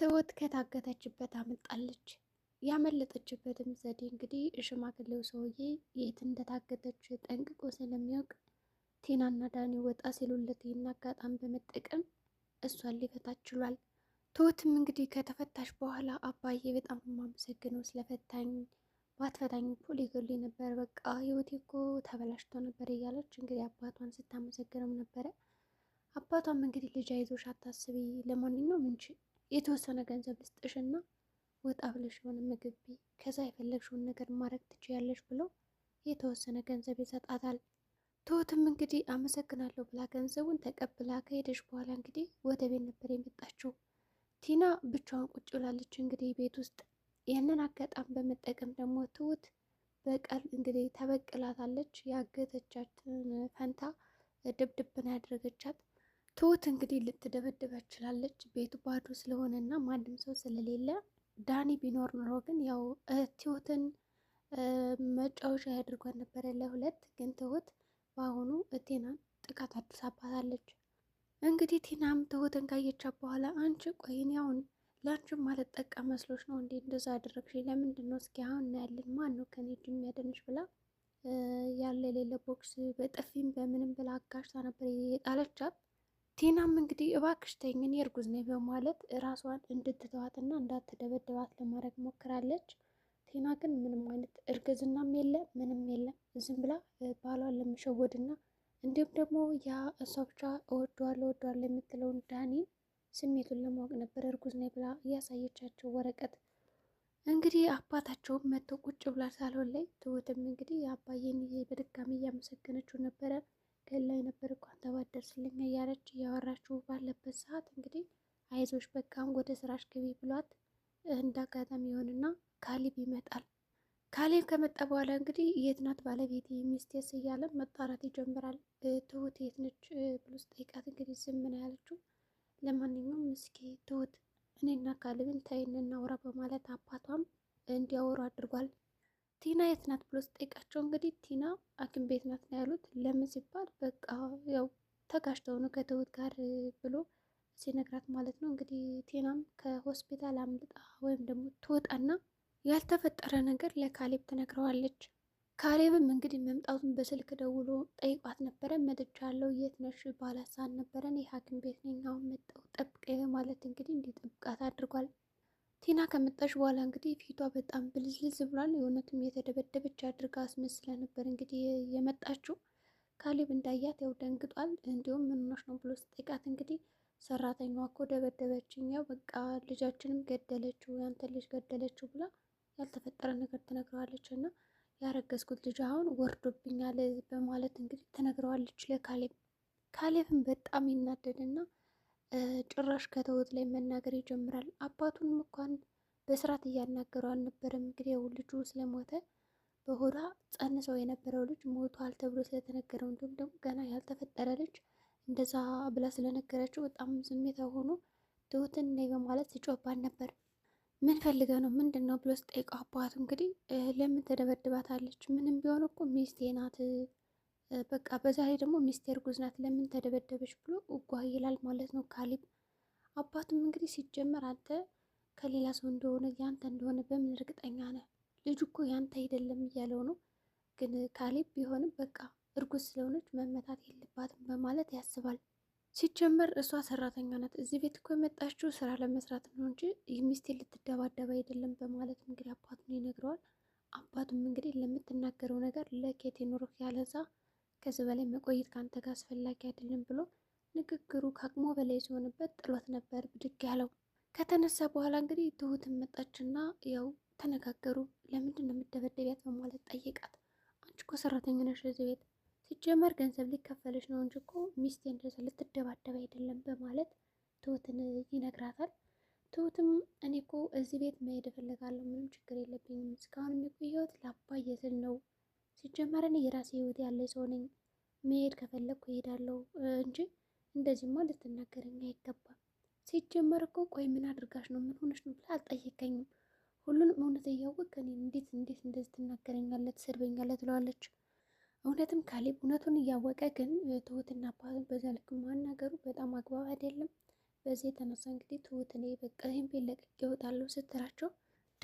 ትሁት ከታገተችበት አመልጣለች። ያመለጠችበትም ዘዴ እንግዲህ ሽማግሌው ሰውዬ የት እንደታገተች ጠንቅቆ ስለሚያውቅ ቴናና ዳኒ ወጣ ሲሉለት ይህን አጋጣሚ በመጠቀም እሷን ሊፈታ ችሏል። ትሁትም እንግዲህ ከተፈታሽ በኋላ አባዬ በጣም የማመሰግነው ስለፈታኝ፣ ባትፈታኝ እኮ ሊገሉኝ ነበር፣ በቃ ህይወቴ እኮ ተበላሽቶ ነበር እያለች እንግዲህ አባቷን ስታመሰግነው ነበረ። አባቷም እንግዲህ ልጅ አይዞሽ፣ አታስቢ፣ ለማንኛውም እንጂ የተወሰነ ገንዘብ ልስጥሽና ወጣ ብለሽ የሆነ ምግብ ቤት ከዛ የፈለግሽውን ነገር ማድረግ ትችያለሽ ብሎ የተወሰነ ገንዘብ ይሰጣታል። ትሁትም እንግዲህ አመሰግናለሁ ብላ ገንዘቡን ተቀብላ ከሄደች በኋላ እንግዲህ ወደ ቤት ነበር የመጣችው። ቲና ብቻዋን ቁጭ ብላለች እንግዲህ ቤት ውስጥ። ይህንን አጋጣሚ በመጠቀም ደግሞ ትሁት በቀል እንግዲህ ተበቅላታለች። ያገተቻት ፈንታ ድብድብን ያደረገቻት ትሁት እንግዲህ ልትደበድበ ችላለች። ቤቱ ባዶ ስለሆነ እና ማንም ሰው ስለሌለ ዳኒ ቢኖር ኖሮ ግን ያው ትሁትን መጫወቻ ያድርጓት ነበረ ለሁለት። ግን ትሁት በአሁኑ ቴናን ጥቃት አድርሳባታለች። እንግዲህ ቲናም ትሁትን ካየቻት በኋላ አንቺ ቆይን ያውን ለአንቺም ማለት ጠቃ መስሎች ነው እንዴ እንደዛ ያደረግሽ ለምንድን ነው? እስኪ አሁን እናያለን ማን ነው ከኔ እጅ የሚያደንሽ ብላ ያለ የሌለ ቦክስ በጥፊም በምንም ብላ አጋሽታ ነበር የጣለቻት። ቲናም እንግዲህ እባክሽ ተይኝ እኔ እርጉዝ ነኝ በማለት ራሷን እንድትተዋትና እንዳትደበድባት ለማድረግ ሞክራለች። ቲና ግን ምንም አይነት እርግዝናም የለ ምንም የለም ዝም ብላ ባሏን ለመሸወድና እንዲሁም ደግሞ ያ እሷ ብቻ እወደዋለሁ እወደዋለሁ የምትለውን ዳኒን ስሜቱን ለማወቅ ነበር እርጉዝ ነኝ ብላ እያሳየቻቸው ወረቀት እንግዲህ አባታቸውም መጥቶ ቁጭ ብላ ሳልሆን ላይ ትሁትም እንግዲህ አባዬን በድጋሚ እያመሰገነችው ነበረ። ገላይ ነበር እኮ አንተ ባትደርስልኝ እያለች እያወራችሁ ባለበት ሰዓት እንግዲህ አይዞሽ በቃም ወደ ስራሽ ግቢ ብሏት እንዳ አጋጣሚ ይሆንና ካሊብ ይመጣል። ካሊብ ከመጣ በኋላ እንግዲህ የት ናት ባለቤቴ ሚስቴስ መጣራት ይጀምራል። ትሁት የት ነች ብሎ ስጠይቃት እንግዲህ ዝም ነው ያለችው። ለማንኛውም እስኪ ትሁት እኔና ካሊብን ተይን እናውራ በማለት አባቷም እንዲያወሩ አድርጓል። ቲና የት ናት ብሎ ስጠይቃቸው እንግዲህ ቲና ሐኪም ቤት ናት ነው ያሉት። ለምን ሲባል በቃ ያው ተጋጭተው ነው ከትሁት ጋር ብሎ ሲነግራት ማለት ነው። እንግዲህ ቲናም ከሆስፒታል አምልጣ ወይም ደግሞ ትወጣና ያልተፈጠረ ነገር ለካሌብ ትነግረዋለች። ካሌብም እንግዲህ መምጣቱን በስልክ ደውሎ ጠይቋት ነበረ። አለው የት ነሽ ባላሳን ነበረን ነበረ ቤት ነኝ አሁን መጣሁ ጠብቀ ማለት እንግዲህ እንዲጠብቃት አድርጓል። ቲና ከመጣሽ በኋላ እንግዲህ ፊቷ በጣም ብልዝልዝ ብሏል። የእውነትም የተደበደበች አድርጋ አስመስላ ነበር እንግዲህ የመጣችው። ካሌብ እንዳያት ያው ደንግጧል። እንዲሁም ምን ሆነሽ ነው ብሎ ስጠይቃት እንግዲህ ሰራተኛዋ እኮ ደበደበችኝ፣ ያው በቃ ልጃችንም ገደለችው፣ ያንተ ልጅ ገደለችው ብላ ያልተፈጠረ ነገር ትነግረዋለች እና ያረገዝኩት ልጅ አሁን ወርዶብኛል በማለት እንግዲህ ትነግረዋለች ለካሌብ። ካሌብም በጣም ይናደድና ጭራሽ ከተውት ላይ መናገር ይጀምራል። አባቱንም እንኳን በስርዓት እያናገረው አልነበረም። እንግዲህ ያው ልጁ ስለሞተ በሆዷ ጸንሰው የነበረው ልጅ ሞቷል ተብሎ ስለተነገረው እንዲሁም ደግሞ ገና ያልተፈጠረ ልጅ እንደዛ ብላ ስለነገረችው በጣም ስሜታ ሆኖ ትሁትን ነይ በማለት ሲጮባል ነበር። ምን ፈልገ ነው ምንድን ነው ብሎ ስጠይቀው አባቱ እንግዲህ ለምን ተደበድባታለች? ምንም ቢሆን እኮ ሚስቴ ናት በቃ በዛ ላይ ደግሞ ሚስቴር ጉዝናት ለምን ተደበደበች ብሎ እጓ ይላል ማለት ነው ካሊብ። አባቱም እንግዲህ ሲጀመር አንተ ከሌላ ሰው እንደሆነ ያንተ እንደሆነ በምን እርግጠኛ ነህ? ልጁ እኮ ያንተ አይደለም እያለው ነው። ግን ካሊብ ቢሆንም በቃ እርጉዝ ስለሆነች መመታት የለባትም በማለት ያስባል። ሲጀመር እሷ ሰራተኛ ናት። እዚህ ቤት እኮ የመጣችው ስራ ለመስራት ነው እንጂ ሚስቴ ልትደባደብ አይደለም በማለት እንግዲህ አባቱን ይነግረዋል። አባቱም እንግዲህ ለምትናገረው ነገር ለኬት ኖሮክ ያለዛ ከዚህ በላይ መቆየት ከአንተ ጋር አስፈላጊ አይደለም ብሎ ንግግሩ ከአቅሞ በላይ ሲሆንበት ጥሎት ነበር ብድግ ያለው። ከተነሳ በኋላ እንግዲህ ትሁትን መጣችና ያው ተነጋገሩ። ለምንድን ነው የምደበደቢያት በማለት ጠይቃት። አንቺ እኮ ሰራተኛ ነሽ እዚህ ቤት ሲጀመር ገንዘብ ሊከፈልሽ ነው እንጂ እኮ ሚስቴ እንደዛ ልትደባደብ አይደለም በማለት ትሁትን ይነግራታል። ትሁትም እኔ እኮ እዚህ ቤት መሄድ እፈልጋለሁ፣ ምንም ችግር የለብኝም። እስካሁን የቆየሁት ለአባዬ ስል ነው ሲጀመር እኔ የራሴ ህይወት ያለኝ ሰው ነኝ። መሄድ ከፈለግኩ እሄዳለሁ እንጂ እንደዚህማ ልትናገረኝ አይገባም። ሲጀመር እኮ ቆይ ምን አድርጋሽ ነው? ምን ሆነሽ ነው ብላ አልጠየቀኝም። ሁሉንም እውነት እያወቅ እኔ እንዴት እንዴት እንደዚህ ትናገረኛለህ፣ ትሰድበኛለህ ትለዋለች። እውነትም ካሌብ እውነቱን እያወቀ ግን ትሁትና አባቱን በዛ ልክ ማናገሩ በጣም አግባብ አይደለም። በዚህ የተነሳ እንግዲህ ትሁት እኔ በቃ ይህን ቤት ለቅቄ እወጣለሁ ስትላቸው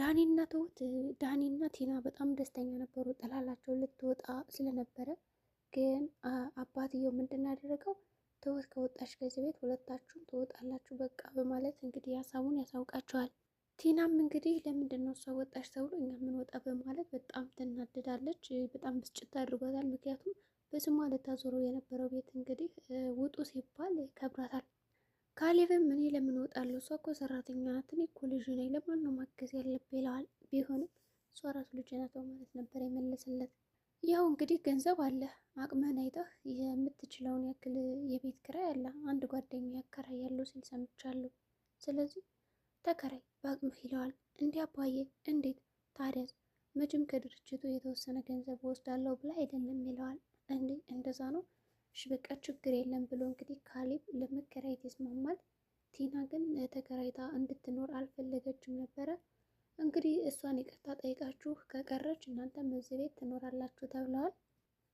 ዳኒና ትሁት ዳኒና ቲና በጣም ደስተኛ ነበሩ። ጥላላቸው ልትወጣ ስለነበረ ግን አባትየው ምንድን ያደረገው ትሁት ከወጣች ከዚህ ቤት ሁለታችሁም ትወጣላችሁ በቃ በማለት እንግዲህ ሀሳቡን ያሳውቃቸዋል። ቲናም እንግዲህ ለምንድን ነው እሷ ወጣች ተብሎ እኛ ወጣ በማለት በጣም ትናደዳለች። በጣም ብስጭት አድርጓታል። ምክንያቱም በስሟ ልታዞረው የነበረው ቤት እንግዲህ ውጡ ሲባል ከብራታል ካሌብም እኔ ለምን እወጣለሁ? እሷ እኮ ሰራተኛ ናት። እኔ እኮ ልጅ ነኝ። ለማን ነው ማገዝ ያለብህ? ይለዋል። ቢሆንም እሷ ራሱ ልጅ ናት በማለት ነበር የመለሰለት። ያው እንግዲህ ገንዘብ አለ አቅመን አይተህ የምትችለውን ያክል የቤት ኪራይ አለ። አንድ ጓደኛ ያከራይ ያለው ሲል ሰምቻለሁ። ስለዚህ ተከራይ በአቅምህ ይለዋል። እንዲህ አባዬ፣ እንዴት ታዲያስ? መቼም ከድርጅቱ የተወሰነ ገንዘብ ወስዳለሁ ብላ አይደለም ይለዋል። እንዴ እንደዛ ነው እሺ በቃ ችግር የለም ብሎ እንግዲህ ካሌብ ለመከራየት ይስማማል። ቲና ግን ተከራይታ እንድትኖር አልፈለገችም ነበረ። እንግዲህ እሷን ይቅርታ ጠይቃችሁ ከቀረች እናንተ እዚህ ቤት ትኖራላችሁ ተብለዋል።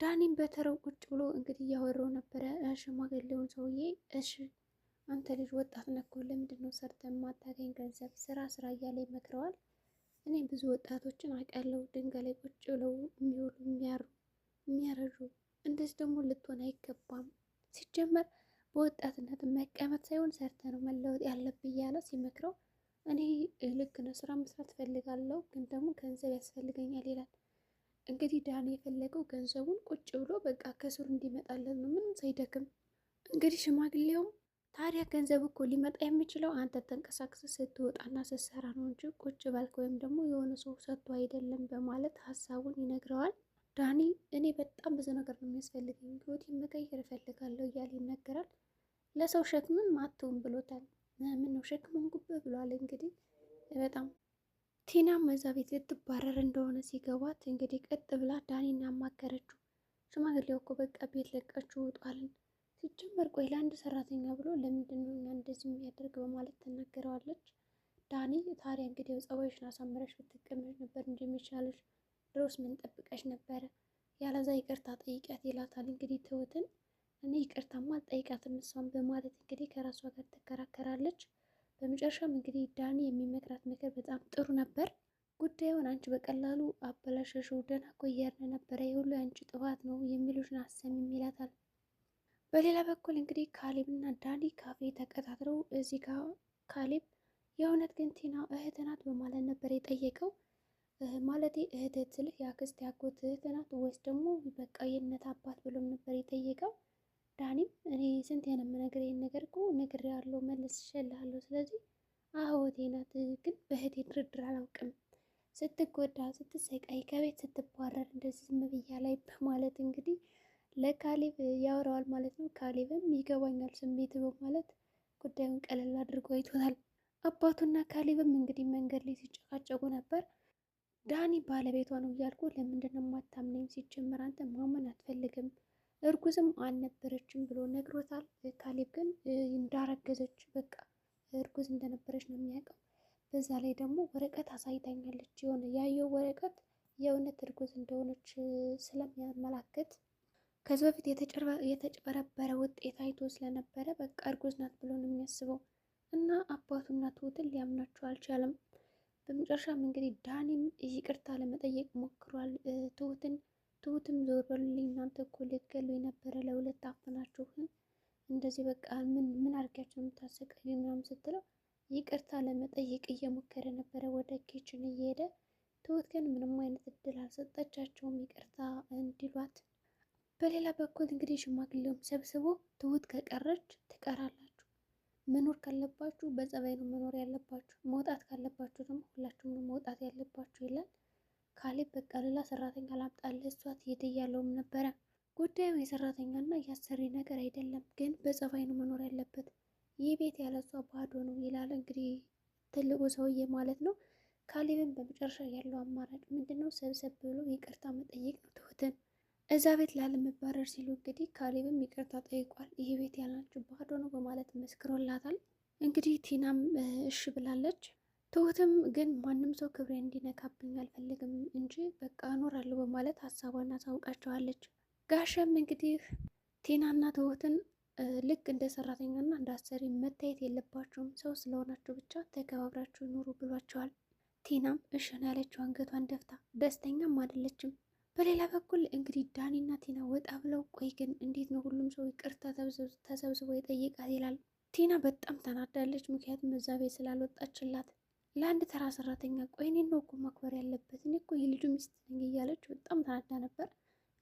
ዳኒም በተረው ቁጭ ብሎ እንግዲህ እያወራው ነበረ ሽማግሌውን ሰውዬ። እሺ አንተ ልጅ ወጣት ነኮ ለምንድን ነው ሰርተን ማታገኝ ገንዘብ ስራ ስራ እያለ ይመክረዋል። እኔ ብዙ ወጣቶችን አውቃለሁ ድንጋይ ላይ ቁጭ ብለው የሚውሉ የሚያሩ የሚያረጁ እንደዚህ ደግሞ ልትሆን አይገባም። ሲጀመር በወጣትነት መቀመጥ ሳይሆን ሰርተ ነው መለወጥ ያለብህ እያለ ሲመክረው እኔ ልክ ነው ስራ መስራት ፈልጋለሁ፣ ግን ደግሞ ገንዘብ ያስፈልገኛል ይላል። እንግዲህ ዳን የፈለገው ገንዘቡን ቁጭ ብሎ በቃ ከስሩ እንዲመጣለን ነው ምንም ሳይደክም። እንግዲህ ሽማግሌውም ታዲያ ገንዘብ እኮ ሊመጣ የሚችለው አንተ ተንቀሳቅስ ስትወጣና ስትሰራ ነው እንጂ ቁጭ ባልክ ወይም ደግሞ የሆነ ሰው ሰጥቶ አይደለም በማለት ሀሳቡን ይነግረዋል። ዳኒ እኔ በጣም ብዙ ነገር ነው የሚያስፈልገኝ፣ ህይወቴን መቀየር እፈልጋለሁ እያለ ይነገራል። ለሰው ሸክምም አትሁን ብሎታል። ምን ነው ሸክም ሆንኩብህ ብሏል። እንግዲህ በጣም ቲናም እዛ ቤት ልትባረር እንደሆነ ሲገባት እንግዲህ ቀጥ ብላ ዳኒን አማከረችው። ሽማግሌው እኮ በቃ ቤት ለቃችሁ ውጧልን ሲጀመር ቆይ ለአንድ ሰራተኛ ብሎ ለምንድን ነው እኛ እንደዚህ የሚያደርግ በማለት ትናገረዋለች። ዳኒ ታዲያ እንግዲህ ጸባይሽን አሳምረሽ ብትቀመጭ ነበር እንጂ የሚሻለሽ ድሮስ ምን ጠብቀሽ ነበረ? ያለዛ ይቅርታ ጠይቂያት ይላታል። እንግዲህ ትሁትን እኔ ይቅርታማ አልጠይቃትም እሷን በማለት እንግዲህ ከራሷ ጋር ትከራከራለች። በመጨረሻም እንግዲህ ዳኒ የሚመክራት ምክር በጣም ጥሩ ነበር። ጉዳዩን አንቺ በቀላሉ አበላሸሽው፣ ደህና እኮ እያልን ነበረ፣ የሁሉ አንቺ ጥፋት ነው የሚሉሽን አሰሚም ይላታል። በሌላ በኩል እንግዲህ ካሌብ እና ዳኒ ካፌ ተቀጣጥረው እዚህ ጋር ካሌብ የእውነት ግን ቲና እህት ናት በማለት ነበር የጠየቀው። ማለት እህት ስልህ የአክስት ያጎት እህት ናት ወይስ ደግሞ በቃ የእነት አባት ብሎም ነበር የጠየቀው። ዳኒም እኔ ስንት ያለም ነገር ይህን ነገር እኮ መልስ ይሸልሃለሁ። ስለዚህ አህወቴ ናት፣ ግን በእህቴ ድርድር አላውቅም። ስትጎዳ ስትሰቃይ፣ ከቤት ስትባረር እንደዚህ ዝም ብያ ላይ በማለት እንግዲህ ለካሌብ ያወራዋል ማለት ነው። ካሌብም ይገባኛል ስሜት በማለት ጉዳዩን ቀለል አድርጎ አይቶታል። አባቱና ካሌብም እንግዲህ መንገድ ላይ ሲጨቃጨቁ ነበር። ዳኒ ባለቤቷ ነው እያልኩ ለምንድን ነው የማታምነኝ? ሲጀመር አንተ ማመን አትፈልግም፣ እርጉዝም አልነበረችም ብሎ ነግሮታል። ካሌብ ግን እንዳረገዘች በቃ እርጉዝ እንደነበረች ነው የሚያውቀው። በዛ ላይ ደግሞ ወረቀት አሳይታኛለች። የሆነ ያየው ወረቀት የእውነት እርጉዝ እንደሆነች ስለሚያመላክት ከዚህ በፊት የተጭበረበረ ውጤት አይቶ ስለነበረ በቃ እርጉዝ ናት ብሎ ነው የሚያስበው እና አባቱና ትውትን ሊያምናቸው አልቻለም። በመጨረሻም እንግዲህ ዳኒም ይቅርታ ለመጠየቅ ሞክሯል። ትሁትን ትሁትም ዞር በሉልኝ እናንተ እኮ ልትገሉ የነበረ ለሁለት አፍናችሁ እንደዚህ በቃ ምን ምን አድርጋችሁ የምታሰቃዩ ምናምን ስትለው ይቅርታ ለመጠየቅ እየሞከረ ነበረ ወደ ኪችን እየሄደ ትሁት ግን ምንም አይነት እድል አልሰጠቻቸውም ይቅርታ እንዲሏት። በሌላ በኩል እንግዲህ ሽማግሌውም ሰብስቦ ትሁት ከቀረች ትቀራለች መኖር ካለባችሁ በጸባይ ነው መኖር ያለባችሁ፣ መውጣት ካለባችሁ ደግሞ ሁላችሁም ነው መውጣት ያለባችሁ ይላል። ካሌብ በቃ ሌላ ሰራተኛ ላምጣልህ እሷ ትሄድ እያለውም ነበረ። ጉዳዩ የሰራተኛና የአሰሪ ነገር አይደለም፣ ግን በጸባይ ነው መኖር ያለበት። ይህ ቤት ያለ እሷ ባዶ ነው ይላል እንግዲህ ትልቁ ሰውዬ ማለት ነው። ካሌብን በመጨረሻ ያለው አማራጭ ምንድን ነው? ሰብሰብ ብሎ ይቅርታ መጠየቅ ነው ትሁትን እዛ ቤት ላለመባረር ሲሉ እንግዲህ ካሌብም ይቅርታ ጠይቋል። ይሄ ቤት ያላችሁ ባዶ ነው በማለት መስክሮላታል። እንግዲህ ቲናም እሽ ብላለች። ትሁትም ግን ማንም ሰው ክብሬ እንዲነካብኝ አልፈልግም እንጂ በቃ እኖራለሁ በማለት ሀሳቧን አሳውቃቸዋለች። ጋሸም እንግዲህ ቲናና ትሁትን ልክ እንደ ሰራተኛና እንደ አሰሪ መታየት የለባቸውም ሰው ስለሆናቸው ብቻ ተከባብራችሁ ኑሩ ብሏቸዋል። ቲናም እሽን ነው ያለችው አንገቷን ደፍታ ደስተኛም አይደለችም። በሌላ በኩል እንግዲህ ዳኒና ቲና ወጣ ብለው ቆይ ግን እንዴት ነው ሁሉም ሰው ይቅርታ ተሰብስቦ ይጠይቃል ይላል። ቲና በጣም ተናዳለች። ምክንያቱም እዛ ቤት ስላልወጣችላት ለአንድ ተራ ሰራተኛ ቆይ እኔን ነው እኮ ማክበር ያለበት እኔ እኮ የልጁ ሚስት ነኝ እያለች በጣም ተናዳ ነበር።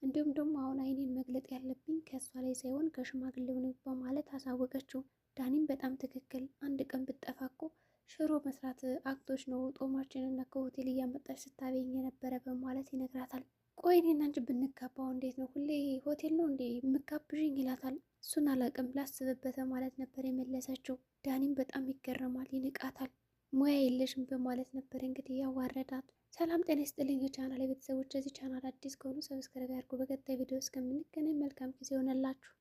እንዲሁም ደግሞ አሁን አይኔን መግለጥ ያለብኝ ከእሷ ላይ ሳይሆን ከሽማግሌው ነው በማለት አሳወቀችው። ዳኒም በጣም ትክክል አንድ ቀን ብጠፋ እኮ ሽሮ መስራት አክቶች ነው ጦማችንና ከሆቴል እያመጣች ስታበይኝ የነበረ በማለት ይነግራታል። ቆይ እኔና አንቺ ብንጋባው እንዴት ነው? ሁሌ ሆቴል ነው እንዴ የምጋብዥኝ? ይላታል። እሱን አላቅም ላስብበት ማለት ነበር የመለሰችው። ዳኒም በጣም ይገረማል፣ ይንቃታል። ሙያ የለሽም በማለት ነበር እንግዲህ ያዋረዳት። ሰላም ጤና ይስጥልኝ የቻናል ቤተሰቦች፣ እዚህ ቻናል አዲስ ከሆኑ ሰብስክራይብ ያድርጉ። በቀጣይ ቪዲዮ እስከምንገናኝ መልካም ጊዜ ይሆነላችሁ።